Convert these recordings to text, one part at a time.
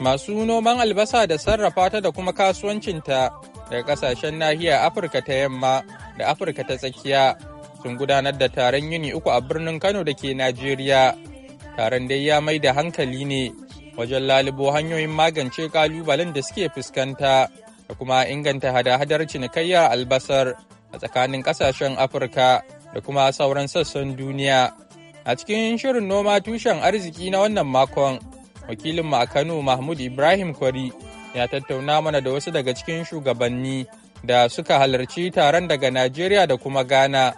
Masu noman albasa da sarrafa ta da kuma kasuwancinta daga kasashen nahiyar Afirka ta yamma da Afirka ta tsakiya sun gudanar da taron yini uku a birnin Kano da ke Najeriya. Taron dai ya mai da hankali ne wajen lalubo hanyoyin magance kalubalen da suke fuskanta da kuma inganta hada-hadar cinikayyar albasar a tsakanin kasashen Afirka da kuma sauran sassan duniya. A cikin shirin noma tushen arziki na wannan makon. wakilinmu a Kano Mahmud Ibrahim Kwari ya tattauna mana da wasu daga cikin shugabanni da suka halarci taron daga Najeriya da kuma Ghana.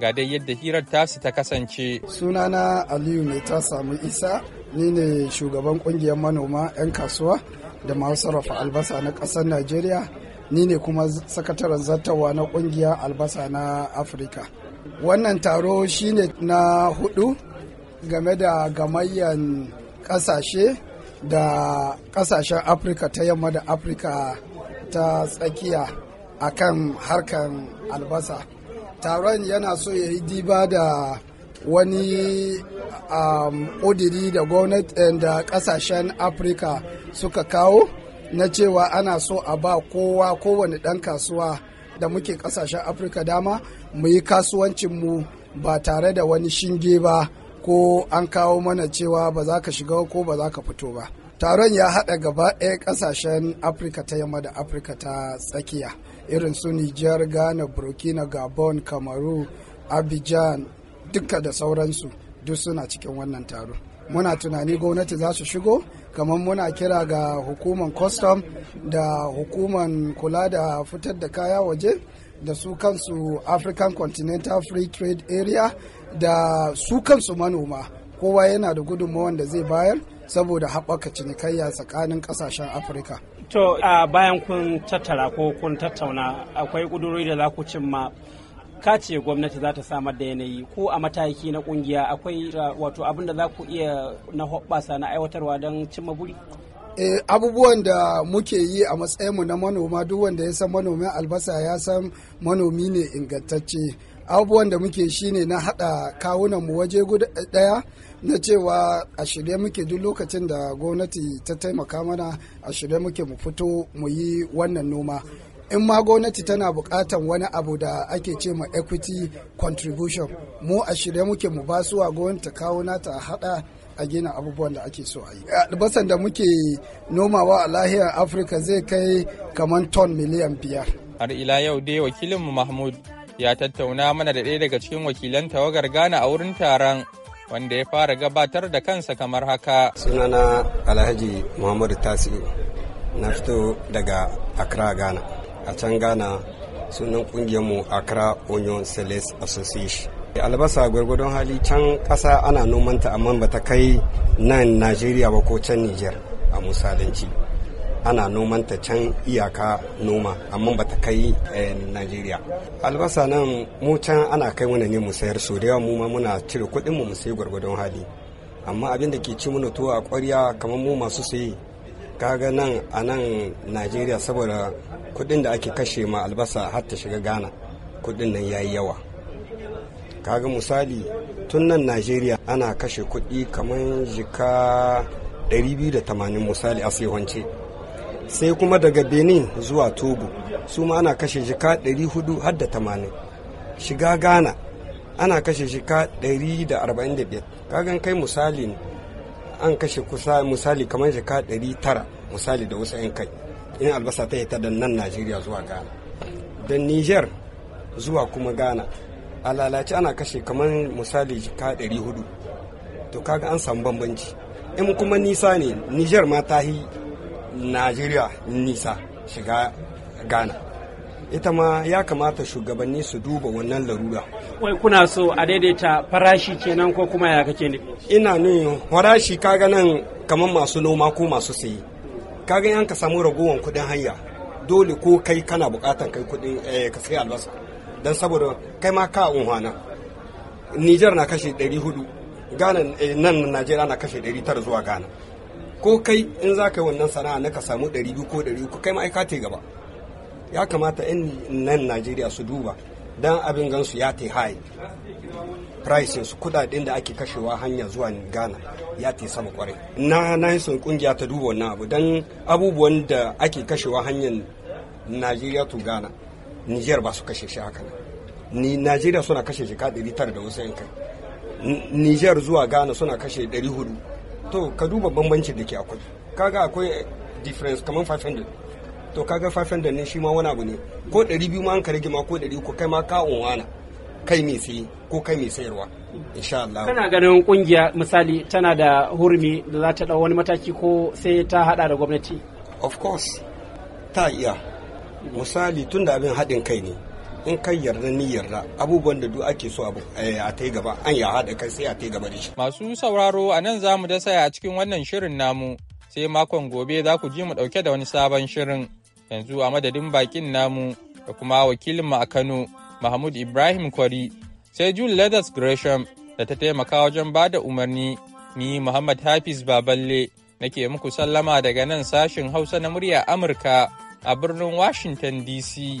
Ga dai yadda hirar tasu ta kasance. Sunana Aliyu mai ta samu isa, ni ne shugaban kungiyar manoma 'yan kasuwa da masu sarrafa albasa na ƙasar Najeriya, ni ne kuma sakataren zartawa na kungiyar albasa na Afirka. Wannan taro shine na hudu game da gamayyan ƙasashe da ƙasashen afirka ta yamma da afirka ta tsakiya a kan harkar albasa taron yana so ya yi diba da wani um, ƙudiri da gwamnati eh, da ƙasashen afirka suka kawo na cewa ana so a ba kowa kowane ɗan kasuwa da muke ƙasashen afirka dama mu yi kasuwancinmu ba tare da wani shinge ba ko an kawo mana cewa ba za ka shiga ko ba za ka fito ba taron ya haɗa gaba ɗaya ƙasashen afirka ta yamma da afirka ta tsakiya irin su nijar ghana burkina gabon kamaru abidjan duka da sauransu duk suna cikin wannan taro muna tunani gwamnati za su shigo kamar muna kira ga hukuman custom da hukuman kula da fitar da kaya waje da su kansu african continental free trade area da su kansu manoma kowa yana da gudunmawar da zai bayar saboda haɓaka cinikayya tsakanin ƙasashen afirka to a bayan kun tattara ko kun tattauna akwai ƙudurori da za ku cimma ka ce gwamnati za ta samar da yanayi ko a mataki na ƙungiya akwai wato abin da za ku iya na hoɓɓasa na aiwatarwa don cimma buri eh, abubuwan da muke yi a matsayinmu na manoma duk wanda ya san manomin albasa ya san manomi ne ingantacce abubuwan da muke shi ne na haɗa mu waje eh, ɗaya na cewa a shirye muke duk lokacin da gwamnati ta taimaka mana a shirye muke mu fito mu yi wannan noma in ma gwamnati tana bukatan wani abu da ake ce ma equity contribution mu a shirye muke mu basuwa gwamnati kawo nata a haɗa a gina abubuwan da ake so a yi. Albasan da muke nomawa a lahiyar Afirka zai kai kamar ton miliyan biyar. Har ila yau dai wakilinmu Mahmud ya tattauna mana da ɗaya daga cikin wakilan tawagar Ghana a wurin taron wanda ya fara gabatar da kansa kamar haka. Sunana Alhaji Muhammadu Tasiu na fito daga Accra Ghana. A can Ghana sunan mu Accra Union Sales Association. albasa gwargwadon hali can ƙasa ana nomanta amma ba ta kai nan Najeriya ba ko can Nijar a musalanci. ana noman ta can iyaka noma amma ba ta kai eh, Najeriya. Albasa nan mu can ana kai mana ne mu sayar su da yawa mu ma muna cire kuɗin mu mu sayi gwargwadon hali. Amma abin da ke ci mana tuwo a ƙwarya kamar mu masu sayi kaga nan a nan Najeriya saboda kuɗin da ake kashe ma albasa har ta shiga Ghana kuɗin nan yayi yawa. Kaga misali tun nan Najeriya ana kashe kuɗi kamar jika 280 misali a sai wance. sai kuma daga benin zuwa togo su ma ana kashe jika 480 har da shiga ghana ana kashe jika 145 kagan kai misali an kashe kusa misali kamar jika 900 misali da wasu 'yan kai in albasa ta yi da nan najeriya zuwa ghana da niger zuwa kuma ghana a lalace ana kashe kamar misali jika 400 to kaga an samu bambanci in kuma nisa ne niger ma ta yi najeriya nisa shiga ghana ita ma ya kamata shugabanni su duba wannan larura wai kuna so a daidaita farashi kenan ko kuma ya kake ne ina nuyin farashi kaga nan kamar masu noma ko masu saye kaga yan ka samu ragowar kudin hanya dole ko kai kana bukatan kai kudin eh, ka sai albasa don saboda kai ma ka unhana Nijar na kashe 400 Ghana eh, nan Najeriya na kashe 900 zuwa Ghana ko kai in za ka yi wannan sana'a na ka samu 200 ko 300 kai ma'aika ta gaba ya kamata 'yan nan najeriya su duba don abin gansu ya ta yi pricing su kudaden da ake kashewa hanya zuwa ghana ya ta sama kwarai na na son kungiya ta duba wannan abu don abubuwan da ake kashewa hanyar najeriya to ghana niger ba su kashe shi haka ni najeriya suna kashe shi ka 900 da wasu yankan niger zuwa ghana suna kashe 400 to ka duba bambancin da ke akwai kaga akwai difference kamar 500 to kaga 500 ne shi ma wani abu ne ko 200 ma an ka rage ma ko 300 kai ma ka unwana kai mai sayi ko kai mai sayarwa insha Allah kana ganin kungiya misali tana da hurmi da za ta dau wani mataki ko sai ta hada da gwamnati of course ta iya misali tunda abin haɗin kai ne in kan yarda ni yarda abubuwan da duk ake so eh, a ta gaba an ya haɗa kai sai a ta gaba da shi. Masu sauraro a nan za mu dasa a cikin wannan shirin namu sai makon gobe za ku ji mu ɗauke da wani sabon shirin yanzu a madadin bakin namu da kuma wakilin mu a Kano Mahmud Ibrahim Kwari sai June Leathers Gresham da ta taimaka wajen ba da umarni ni Muhammad Hafiz Baballe nake muku sallama daga nan sashin Hausa na murya Amurka a birnin Washington DC.